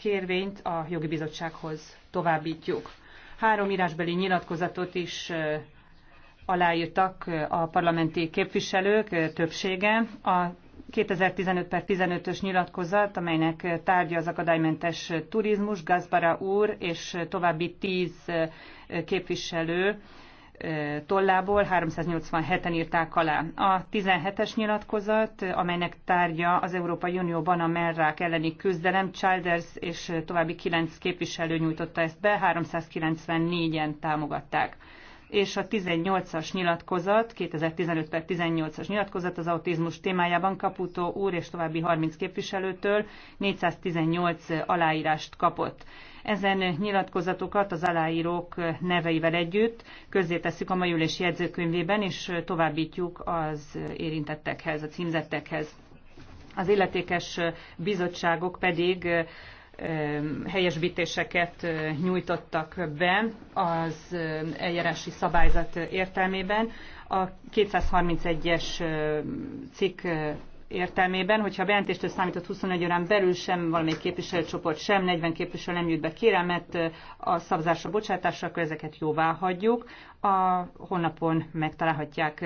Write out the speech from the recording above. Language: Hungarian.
kérvényt a jogi bizottsághoz továbbítjuk. Három írásbeli nyilatkozatot is aláírtak a parlamenti képviselők többsége. A 2015 per 15-ös nyilatkozat, amelynek tárgya az akadálymentes turizmus, Gazbara úr és további tíz képviselő tollából 387-en írták alá. A 17-es nyilatkozat, amelynek tárgya az Európai Unióban a merrák elleni küzdelem, Childers és további 9 képviselő nyújtotta ezt be, 394-en támogatták és a 18-as nyilatkozat, 2015 per 18-as nyilatkozat az autizmus témájában Kaputó úr és további 30 képviselőtől 418 aláírást kapott. Ezen nyilatkozatokat az aláírók neveivel együtt közzétesszük a mai ülés jegyzőkönyvében, és továbbítjuk az érintettekhez, a címzettekhez. Az illetékes bizottságok pedig helyesbítéseket nyújtottak be az eljárási szabályzat értelmében. A 231-es cikk értelmében, hogyha a bejelentéstől számított 21 órán belül sem valamelyik képviselőcsoport, sem 40 képviselő nem jut be kérelmet a szavazásra bocsátásra, akkor ezeket jóvá hagyjuk. A honlapon megtalálhatják